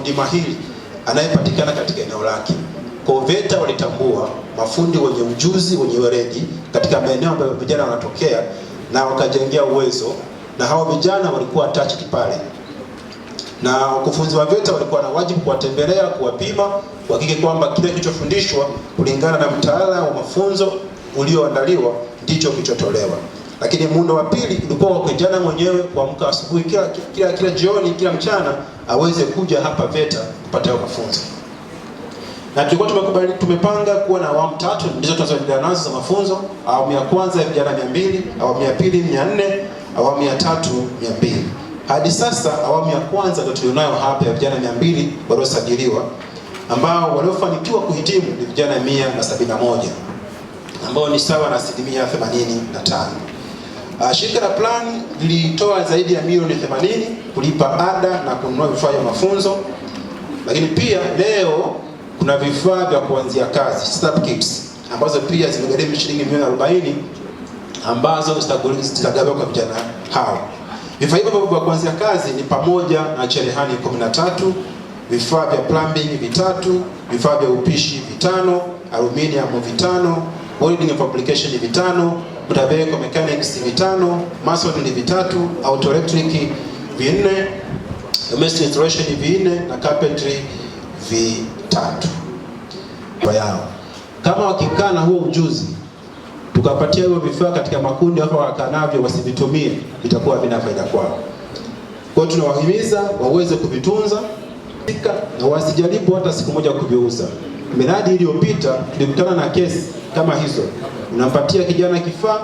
mafundi mahiri anayepatikana katika eneo lake. Kwa VETA walitambua mafundi wenye ujuzi wenye weledi katika maeneo ambayo vijana wanatokea na wakajengea uwezo, na hawa vijana walikuwa attached pale, na wakufunzi wa VETA walikuwa na wajibu kuwatembelea, kuwapima, kuhakiki kwamba kile kilichofundishwa kulingana na mtaala wa mafunzo ulioandaliwa ndicho kilichotolewa. Lakini muundo wa pili ulikuwa wa kijana mwenyewe kuamka asubuhi kila, kila, kila jioni kila mchana aweze kuja hapa VETA kupata mafunzo, na tulikuwa tumekubali tumepanga kuwa na awamu tatu ndizo tunazoendelea nazo za mafunzo. Awamu ya kwanza ya vijana 200, awamu ya pili 400, awamu ya tatu 200. Hadi sasa awamu ya kwanza ndio tulionayo hapa ya vijana 200 mbili waliosajiliwa ambao waliofanikiwa kuhitimu ni vijana 171 ambao ni sawa na asilimia themanini Uh, shirika la Plan lilitoa zaidi ya milioni 80 kulipa ada na kununua vifaa vya mafunzo, lakini pia leo kuna vifaa vya kuanzia kazi startup kits ambazo pia zimegharimu shilingi milioni 40 ambazo zitagawiwa kwa vijana hao. Vifaa hivyo vya kuanzia kazi ni pamoja na cherehani 13, vifaa vya plumbing vitatu, vifaa vya upishi vitano, aluminium vitano welding fabrication ni vitano, mtabeko mechanics vitano, mason ni vitatu, auto electric vinne, domestic installation vinne na carpentry vitatu yao. Kama wakikaa na huo ujuzi tukapatia hiyo vifaa katika makundi hapo, wakanavyo wasivitumie, vitakuwa vina faida kwao. Kwa hiyo tunawahimiza waweze kuvitunza na wasijaribu hata siku moja kuviuza miradi iliyopita tulikutana na kesi kama hizo, unampatia kijana kifaa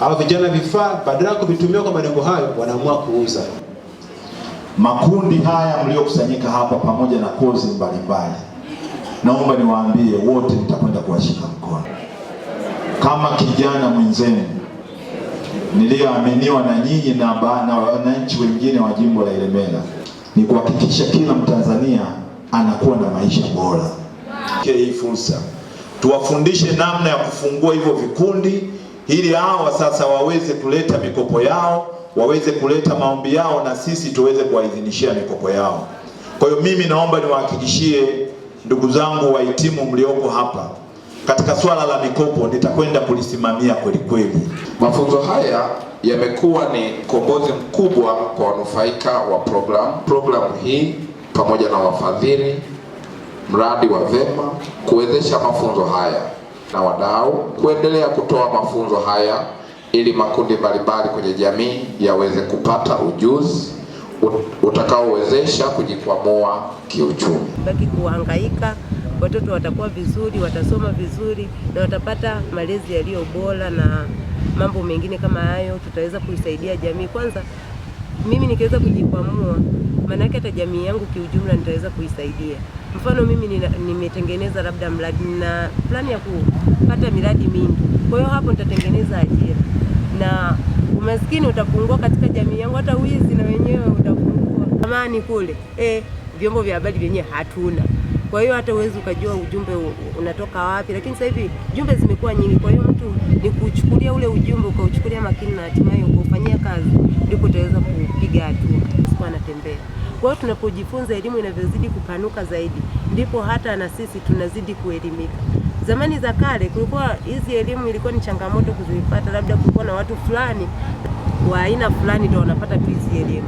au vijana vifaa, badala ya kuvitumia kwa malengo hayo, wanaamua kuuza. Makundi haya mliokusanyika hapa pamoja na kozi mbalimbali, naomba niwaambie wote, nitakwenda kuwashika mkono kama kijana mwenzenu niliyoaminiwa na nyinyi na wananchi wengine wa jimbo la Ilemela, ni kuhakikisha kila Mtanzania anakuwa na maisha bora tusiiangaike hii fursa, tuwafundishe namna ya kufungua hivyo vikundi, ili hawa sasa waweze kuleta mikopo yao, waweze kuleta maombi yao, na sisi tuweze kuwaidhinishia mikopo yao. Kwa hiyo mimi naomba niwahakikishie ndugu zangu wahitimu mlioko hapa, katika swala la mikopo nitakwenda kulisimamia kweli kweli. Mafunzo haya yamekuwa ni kombozi mkubwa kwa wanufaika wa programu programu hii pamoja na wafadhili mradi wa VEMA kuwezesha mafunzo haya na wadau kuendelea kutoa mafunzo haya ili makundi mbalimbali kwenye jamii yaweze kupata ujuzi utakaowezesha kujikwamua kiuchumi. Baki kuhangaika, watoto watakuwa vizuri, watasoma vizuri na watapata malezi yaliyo bora na mambo mengine kama hayo, tutaweza kuisaidia jamii. Kwanza mimi nikiweza kujikwamua, maanake hata jamii yangu kiujumla nitaweza kuisaidia. Mfano mimi nimetengeneza labda mradi na plani ya kupata miradi mingi, kwa hiyo hapo nitatengeneza ajira na umaskini utapungua katika jamii yangu, hata wizi na wenyewe utapungua. Amani kule eh, vyombo vya habari vyenyewe hatuna, kwa hiyo hata uwezi ukajua ujumbe unatoka wapi. Lakini sasa hivi jumbe zimekuwa nyingi, kwa hiyo mtu ni kuchukulia ule ujumbe ukauchukulia makini na hatimaye ukaufanyia kazi, ndipo utaweza kupiga hatua. Sikuwa anatembea kwa hiyo tunapojifunza elimu inavyozidi kupanuka zaidi, ndipo hata na sisi tunazidi kuelimika. Zamani za kale kulikuwa hizi elimu ilikuwa ni changamoto kuzipata, labda kulikuwa na watu fulani wa aina fulani ndio wanapata tu hizi elimu,